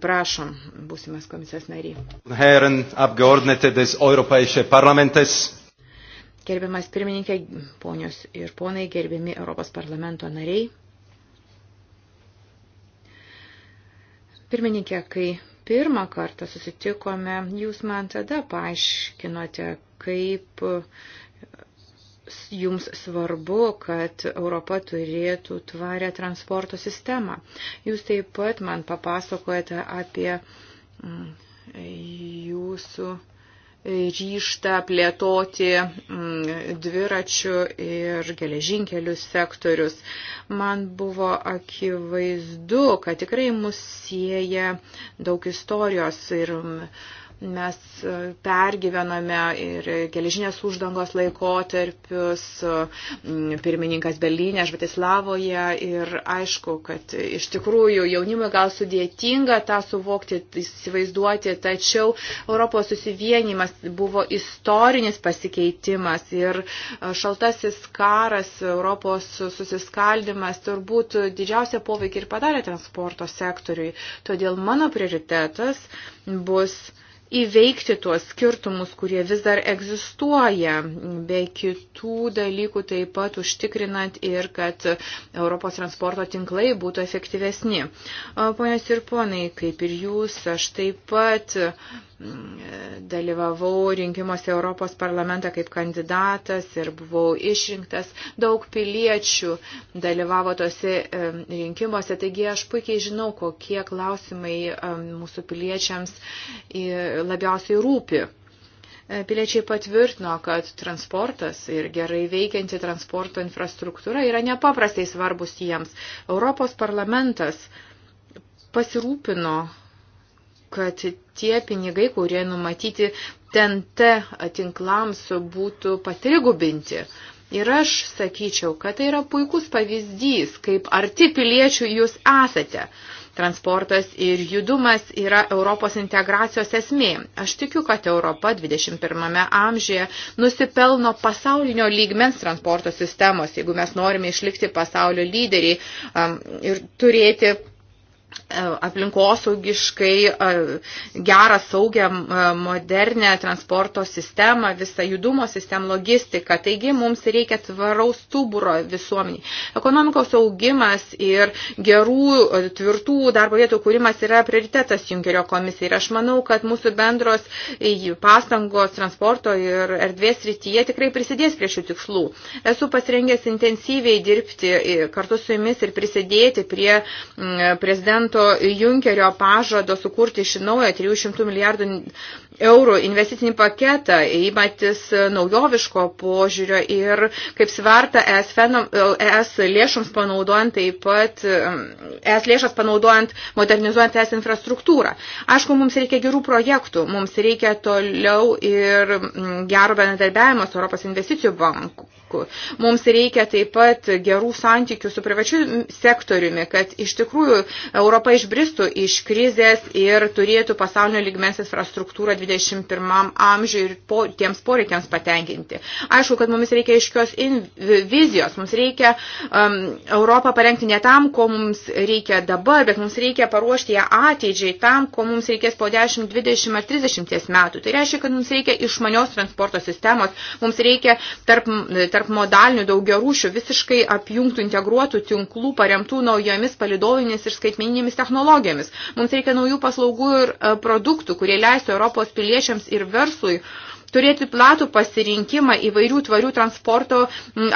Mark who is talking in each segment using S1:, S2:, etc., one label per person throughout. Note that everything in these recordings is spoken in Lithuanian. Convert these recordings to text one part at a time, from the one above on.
S1: Prašom, būsimas komisijos nariai. Herren Abgeordnete des Europäische Parlamentes. Gerbiamas pirmininkė, ponios ir ponai, gerbiami Europos parlamento nariai. Pirmininkė, kai pirmą kartą susitikome, jūs man tada paaiškinote, kaip jums svarbu, kad Europa turėtų tvarę transporto sistemą. Jūs taip pat man papasakojate apie mm, jūsų ryštą plėtoti mm, dviračių ir geležinkelių sektorius. Man buvo akivaizdu, kad tikrai mus sieja daug istorijos ir uh, Mes e, pergyvename ir geležinės uždangos laikotarpius, e, pirmininkas Berlyne, Žvatislavoje ir aišku, kad iš tikrųjų jaunimui gal sudėtinga tą suvokti, įsivaizduoti, tačiau Europos susivienimas buvo istorinis pasikeitimas ir e, šaltasis karas, Europos susiskaldimas turbūt didžiausia poveikia ir padarė transporto sektoriui. Todėl mano prioritetas bus įveikti tuos skirtumus, kurie vis dar egzistuoja, be kitų dalykų taip pat užtikrinant ir, kad Europos transporto tinklai būtų efektyvesni. Ponios ir ponai, kaip ir jūs, aš taip pat dalyvavau rinkimuose Europos parlamentą kaip kandidatas ir buvau išrinktas. Daug piliečių dalyvavo tose rinkimuose, taigi aš puikiai žinau, kokie klausimai mūsų piliečiams labiausiai rūpi. E, piliečiai patvirtino, kad transportas ir gerai veikianti transporto infrastruktūra yra nepaprastai svarbus jiems. Europos parlamentas pasirūpino kad tie pinigai, kurie numatyti TNT tinklams, būtų patrigubinti. Ir aš sakyčiau, kad tai yra puikus pavyzdys, kaip arti piliečių jūs esate. Transportas ir judumas yra Europos integracijos esmė. Aš tikiu, kad Europa 21 amžiuje nusipelno pasaulinio lygmens transporto sistemos, jeigu mes norime išlikti pasaulio lyderiai um, ir turėti aplinkosaugiškai gerą, saugią, modernę transporto sistemą, visą judumo sistemą, logistiką. Taigi mums reikia tvaraus stuburo visuomeniai. Ekonomikos augimas ir gerų, tvirtų darbo vietų kūrimas yra prioritetas Junkerio komisijai. Ir aš manau, kad mūsų bendros pastangos transporto ir erdvės rytyje tikrai prisidės prie šių tikslų. Esu pasirengęs intensyviai dirbti kartu su jumis ir prisidėti prie prezidento prezidento Junkerio pažado sukurti iš naujo 300 milijardų eurų investicinį paketą, įmatis naujoviško požiūrio ir kaip sverta ES, ES lėšoms panaudojant taip pat, ES lėšas panaudojant, modernizuojant ES infrastruktūrą. Aišku, mums reikia gerų projektų, mums reikia toliau ir gero bendradarbiavimo su Europos investicijų banku. Mums reikia taip pat gerų santykių su privačiu sektoriumi, kad iš tikrųjų Europa išbristų iš krizės ir turėtų pasaulio lygmens infrastruktūrą 20 21 amžiui ir po, tiems poreikiams patenkinti. Aišku, kad mums reikia iškios in, vizijos, mums reikia um, Europą parengti ne tam, ko mums reikia dabar, bet mums reikia paruošti ją ateidžiai tam, ko mums reikės po 10, 20 ar 30 metų. Tai reiškia, kad mums reikia išmanios transporto sistemos, mums reikia tarp, tarp modalinių daugia rūšių visiškai apjungtų integruotų tinklų paremtų naujomis palidovinėmis ir skaitmeninėmis technologijomis. Mums reikia naujų paslaugų ir e, produktų, kurie leistų Europos piliečiams ir verslui turėti platų pasirinkimą įvairių tvarių transporto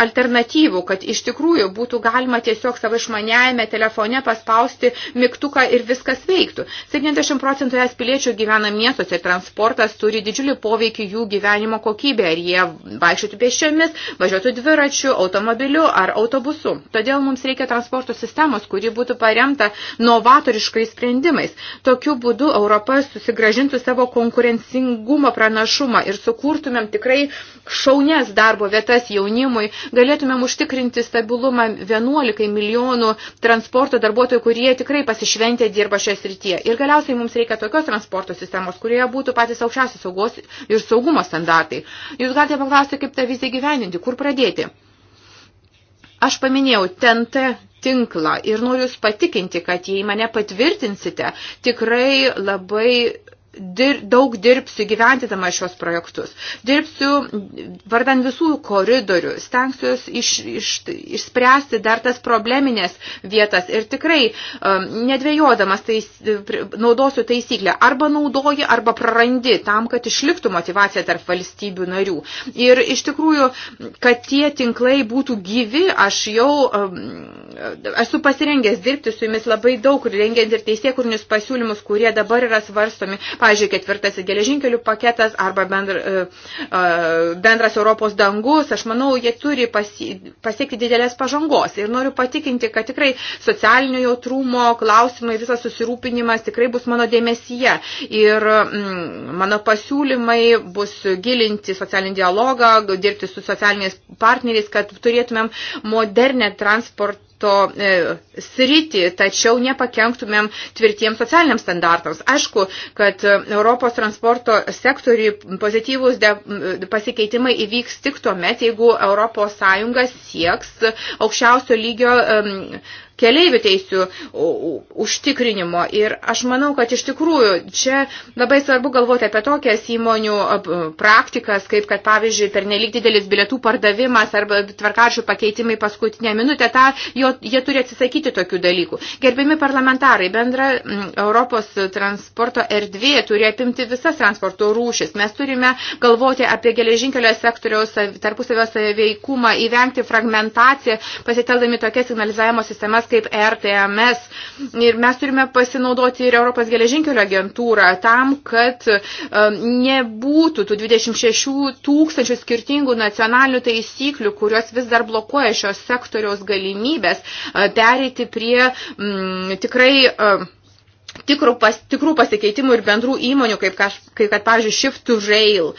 S1: alternatyvų, kad iš tikrųjų būtų galima tiesiog savo išmaniajame telefone paspausti mygtuką ir viskas veiktų. 70 procentų es piliečių gyvena miestuose, transportas turi didžiulį poveikį jų gyvenimo kokybę, ar jie vaikščiotų pėsčiomis, važiuotų dviračiu, automobiliu ar autobusu. Todėl mums reikia transporto sistemos, kuri būtų paremta novatoriškais sprendimais. Tokiu būdu Europa susigražintų savo konkurencingumo pranašumą ir sukurtumėm tikrai šaunias darbo vietas jaunimui, galėtumėm užtikrinti stabilumą 11 milijonų transporto darbuotojų, kurie tikrai pasišventė dirba šioje srityje. Ir galiausiai mums reikia tokios transporto sistemos, kurioje būtų patys aukščiausi saugos ir saugumo standartai. Jūs galite paklausti, kaip tą viziją gyveninti, kur pradėti. Aš paminėjau TNT tinklą ir noriu jūs patikinti, kad jei mane patvirtinsite, tikrai labai dir, daug dirbsiu gyventydama šios projektus. Dirbsiu vardan visų koridorių, stengsiuos iš, iš, išspręsti dar tas probleminės vietas ir tikrai um, nedvėjodamas tais, naudosiu taisyklę. Arba naudoji, arba prarandi tam, kad išliktų motivacija tarp valstybių narių. Ir iš tikrųjų, kad tie tinklai būtų gyvi, aš jau um, esu pasirengęs dirbti su jumis labai daug, rengiant ir teisėkurnius pasiūlymus, kurie dabar yra svarstomi pavyzdžiui, ketvirtasis geležinkelių paketas arba bendra, e, e, bendras Europos dangus, aš manau, jie turi pasiekti didelės pažangos. Ir noriu patikinti, kad tikrai socialinio jautrumo klausimai, visas susirūpinimas tikrai bus mano dėmesyje. Ir mm, mano pasiūlymai bus gilinti socialinį dialogą, dirbti su socialiniais partneriais, kad turėtumėm modernę transportą eksporto e, sritį, tačiau nepakenktumėm tvirtiems socialiniams standartams. Aišku, kad e, Europos transporto sektoriui pozityvus de, e, pasikeitimai įvyks tik tuomet, jeigu Europos Sąjunga sieks aukščiausio lygio e, keleivių teisių užtikrinimo. Ir aš manau, kad iš tikrųjų čia labai svarbu galvoti apie tokias įmonių praktikas, kaip kad pavyzdžiui per nelik didelis bilietų pardavimas arba tvarkaršių pakeitimai paskutinę minutę, tą, jo, jie turi atsisakyti tokių dalykų. Gerbiami parlamentarai, bendra Europos transporto erdvė turi apimti visas transporto rūšis. Mes turime galvoti apie geležinkelio sektoriaus tarpusavio saveikumą, įvengti fragmentaciją, pasiteldami tokias signalizavimo sistemas, tokias kaip RTMS. Ir mes turime pasinaudoti ir Europos geležinkelio agentūrą tam, kad e, nebūtų tų 26 tūkstančių skirtingų nacionalinių taisyklių, kurios vis dar blokuoja šios sektoriaus galimybės e, perėti prie m, tikrai m, e, tikrų, pas, tikrų pasikeitimų ir bendrų įmonių, kaip, kaž, kaip kad, pavyzdžiui, Shift to Rail.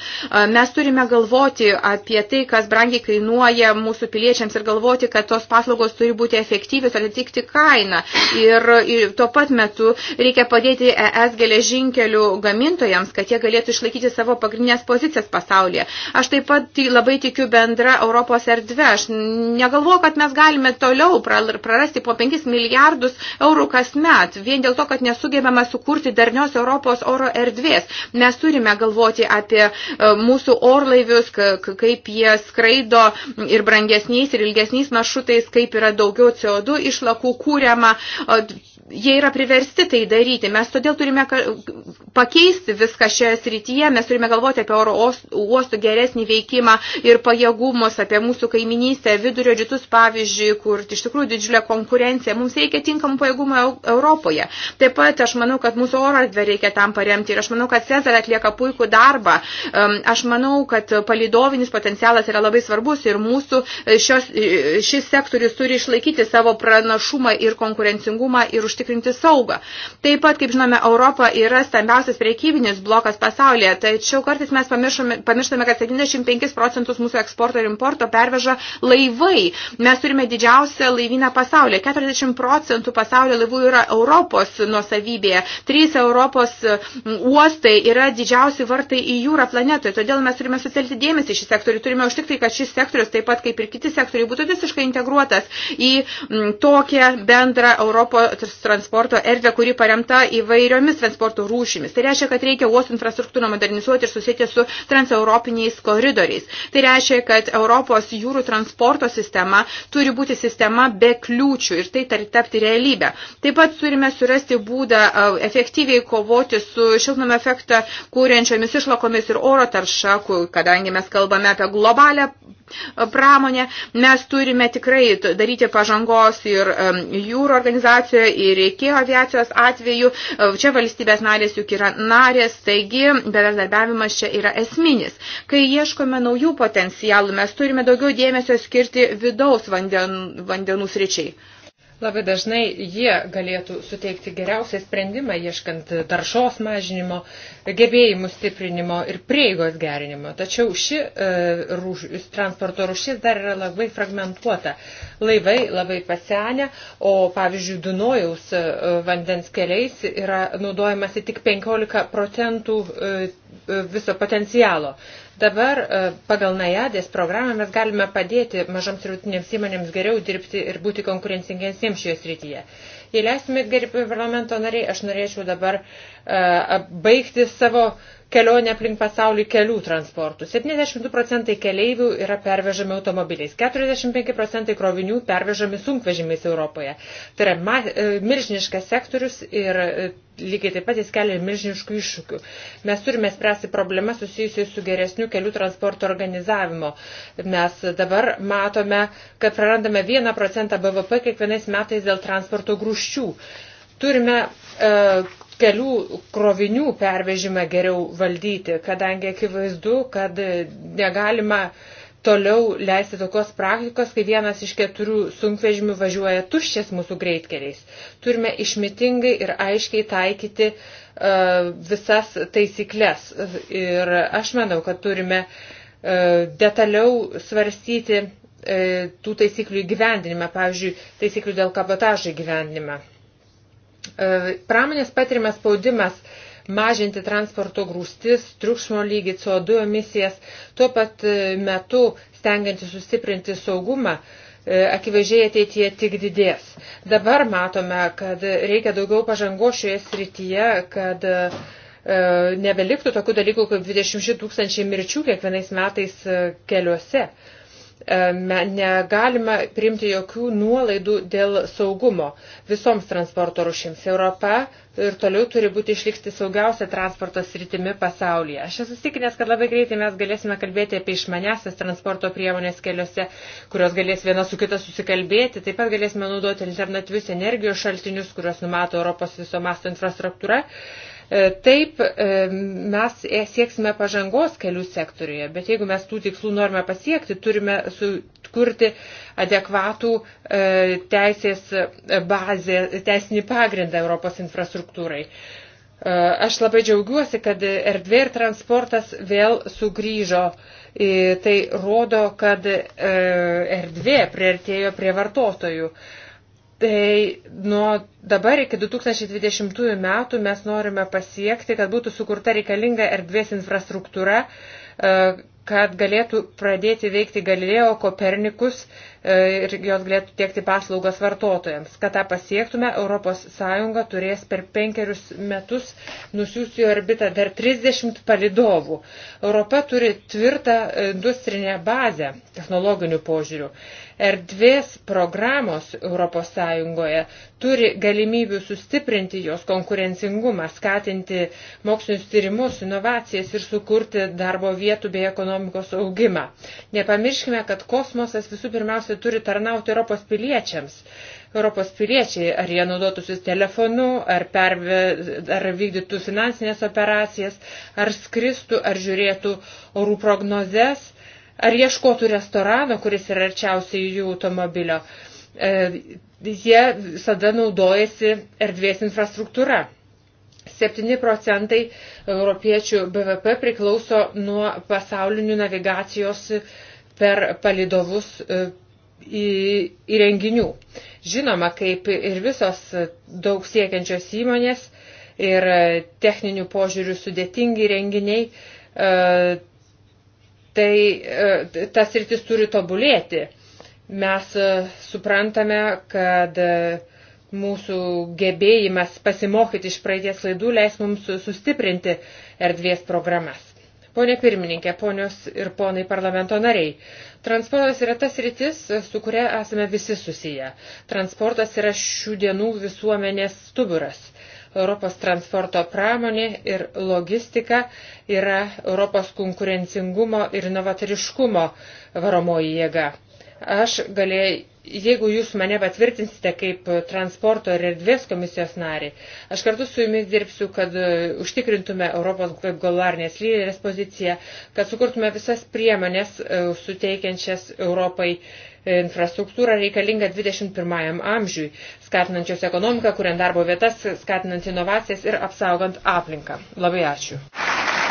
S1: Mes turime galvoti apie tai, kas brangiai kainuoja mūsų piliečiams ir galvoti, kad tos paslaugos turi būti efektyvios ir atitikti kainą. Ir, ir tuo pat metu reikia padėti ES geležinkelių gamintojams, kad jie galėtų išlaikyti savo pagrindinės pozicijas pasaulyje. Aš taip pat labai tikiu bendra Europos erdvė. Aš negalvoju, kad mes galime toliau prarasti po 5 milijardus eurų kas met, vien dėl to, kad nesugebame sugebama sukurti darnios Europos oro erdvės. Mes turime galvoti apie e, mūsų orlaivius, kaip jie skraido ir brangesniais, ir ilgesniais maršrutais, kaip yra daugiau CO2 išlakų kūriama e, jie yra priversti tai daryti. Mes todėl turime pakeisti viską šioje srityje. Mes turime galvoti apie oro uostų geresnį veikimą ir pajėgumus, apie mūsų kaiminystę, vidurio rytus pavyzdžiui, kur iš tikrųjų didžiulė konkurencija. Mums reikia tinkamų pajėgumų Europoje. Taip pat aš manau, kad mūsų oro erdvę reikia tam paremti ir aš manau, kad Cezar atlieka puikų darbą. Aš manau, kad palidovinis potencialas yra labai svarbus ir mūsų e, šios, e, šis sektorius turi išlaikyti savo pranašumą ir konkurencingumą ir užtikrinti saugą. Taip pat, kaip žinome, Europa yra stambiausia didžiausias priekybinis blokas pasaulyje, tačiau kartais mes pamirštame, kad 75 procentus mūsų eksporto ir importo perveža laivai. Mes turime didžiausią laivyną pasaulyje. 40 procentų pasaulio laivų yra Europos nuosavybėje. Trys Europos mm, uostai yra didžiausi vartai į jūrą planetoje. Todėl mes turime sutelti dėmesį šį sektorių. Turime užtikti, kad šis sektorius, taip pat kaip ir kiti sektoriai, būtų visiškai integruotas į mm, tokią bendrą Europos transporto erdvę, kuri paremta įvairiomis transporto rūšimis. Tai reiškia, kad reikia uostų infrastruktūrą modernizuoti ir susėti su transeuropiniais koridoriais. Tai reiškia, kad Europos jūrų transporto sistema turi būti sistema be kliūčių ir tai tapti realybę. Taip pat turime surasti būdą efektyviai kovoti su šiltnamio efektą kūrenčiomis išlakomis ir oro tarša, kadangi mes kalbame apie globalę pramonė. Mes turime tikrai daryti pažangos ir jūrų organizacijoje, ir iki aviacijos atveju. E, čia valstybės narės juk yra narės, taigi bendradarbiavimas čia yra esminis. Kai ieškome naujų potencialų, mes turime daugiau dėmesio skirti vidaus vanden, vandenų sričiai.
S2: Labai dažnai jie galėtų suteikti geriausią sprendimą, ieškant taršos mažinimo, gebėjimų stiprinimo ir prieigos gerinimo. Tačiau ši e, rūš, transporto rūšis dar yra labai fragmentuota. Laivai labai pasenę, o pavyzdžiui, Dunojaus e, vandens keliais yra naudojamasi tik 15 procentų. E, viso potencialo. Dabar e, pagal Najadės programą mes galime padėti mažoms ir vidutinėms įmonėms geriau dirbti ir būti konkurencingesniems šioje srityje. Jei leisime, gerbi parlamento nariai, aš norėčiau dabar e, baigti savo kelionę aplink pasaulį kelių transportų. 72 procentai keleivių yra pervežami automobiliais, 45 procentai krovinių pervežami sunkvežimiais Europoje. Tai yra ma, e, milžiniškas sektorius ir e, lygiai taip pat jis kelia milžiniškų iššūkių. Mes turime spręsti problemą susijusiu su geresniu kelių transporto organizavimo. Mes dabar matome, kad prarandame 1 procentą BVP kiekvienais metais dėl transporto grūščių. Turime e, kelių krovinių pervežimą geriau valdyti, kadangi akivaizdu, kad negalima toliau leisti tokios praktikos, kai vienas iš keturių sunkvežimių važiuoja tuščias mūsų greitkeliais. Turime išmitingai ir aiškiai taikyti uh, visas taisyklės. Ir aš manau, kad turime uh, detaliau svarstyti uh, tų taisyklių įgyvendinimą, pavyzdžiui, taisyklių dėl kabotažo įgyvendinimą. E, pramonės patirimas spaudimas mažinti transporto grūstis, triukšmo lygį, CO2 emisijas, tuo pat e, metu stengianti sustiprinti saugumą, e, akivaizdžiai ateityje tik didės. Dabar matome, kad reikia daugiau pažangos šioje srityje, kad nebeliktų tokių dalykų kaip 26 tūkstančiai mirčių kiekvienais metais keliuose. E, negalima priimti jokių nuolaidų dėl saugumo visoms transporto rušims. Europa ir toliau turi būti išlikti saugiausia transporto sritimi pasaulyje. Aš esu stikinęs, kad labai greitai mes galėsime kalbėti apie išmanesias transporto priemonės keliuose, kurios galės viena su kita susikalbėti. Taip pat galėsime naudoti alternatyvius energijos šaltinius, kuriuos numato Europos viso masto infrastruktūra. E, taip, e, mes e, sieksime pažangos kelių sektoriuje, bet jeigu mes tų tikslų norime pasiekti, turime sukurti adekvatų teisės bazę, teisinį pagrindą Europos infrastruktūrai. Aš labai džiaugiuosi, kad erdvė ir transportas vėl sugrįžo. Tai rodo, kad erdvė priartėjo prie vartotojų. Tai nuo dabar iki 2020 metų mes norime pasiekti, kad būtų sukurta reikalinga erdvės infrastruktūra, e, kad galėtų pradėti veikti Galilėjo Kopernikus e, ir jos galėtų tiekti paslaugas vartotojams. Kad tą pasiektume, ES turės per penkerius metus nusiųsti į orbitą dar 30 palidovų. Europa turi tvirtą industrinę bazę technologinių požiūrių. Erdvės programos ES turi galimybių sustiprinti jos konkurencingumą, skatinti mokslinius tyrimus, inovacijas ir sukurti darbo vietų bei ekonomikos ekonomikos augimą. Nepamirškime, kad kosmosas visų pirmiausia turi tarnauti Europos piliečiams. Europos piliečiai, ar jie naudotųsi telefonu, ar, per, ar vykdytų finansinės operacijas, ar skristų, ar žiūrėtų orų prognozes, ar ieškotų restorano, kuris yra arčiausiai jų automobilio. E, jie visada naudojasi erdvės infrastruktūra. 7 procentai europiečių BVP priklauso nuo pasaulinių navigacijos per palidovus e, įrenginių. Žinoma, kaip ir visos daug siekiančios įmonės ir techninių požiūrių sudėtingi renginiai, e, tai e, tas rytis turi tobulėti. Mes suprantame, kad mūsų gebėjimas pasimokyti iš praeities klaidų leis mums sustiprinti erdvės programas. Pone pirmininkė, ponios ir ponai parlamento nariai, transportas yra tas rytis, su kuria esame visi susiję. Transportas yra šių dienų visuomenės stuburas. Europos transporto pramonė ir logistika yra Europos konkurencingumo ir inovatoriškumo varomoji jėga. Aš galėjau, jeigu jūs mane patvirtinsite kaip transporto ir erdvės komisijos narį, aš kartu su jumis dirbsiu, kad e, užtikrintume Europos kaip galarnės lyderės poziciją, kad sukurtume visas priemonės e, suteikiančias Europai uh, infrastruktūrą reikalingą 21 amžiui, skatinančios ekonomiką, kuriant darbo vietas, skatinant inovacijas ir apsaugant aplinką. Labai ačiū.